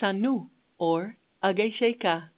Tsanu, or Agesheka.